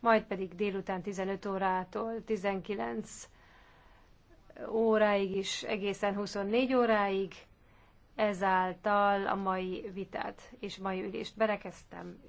majd pedig délután 15 órától 19 óráig is, egészen 24 óráig. Ezáltal a mai vitát és mai ülést berekeztem.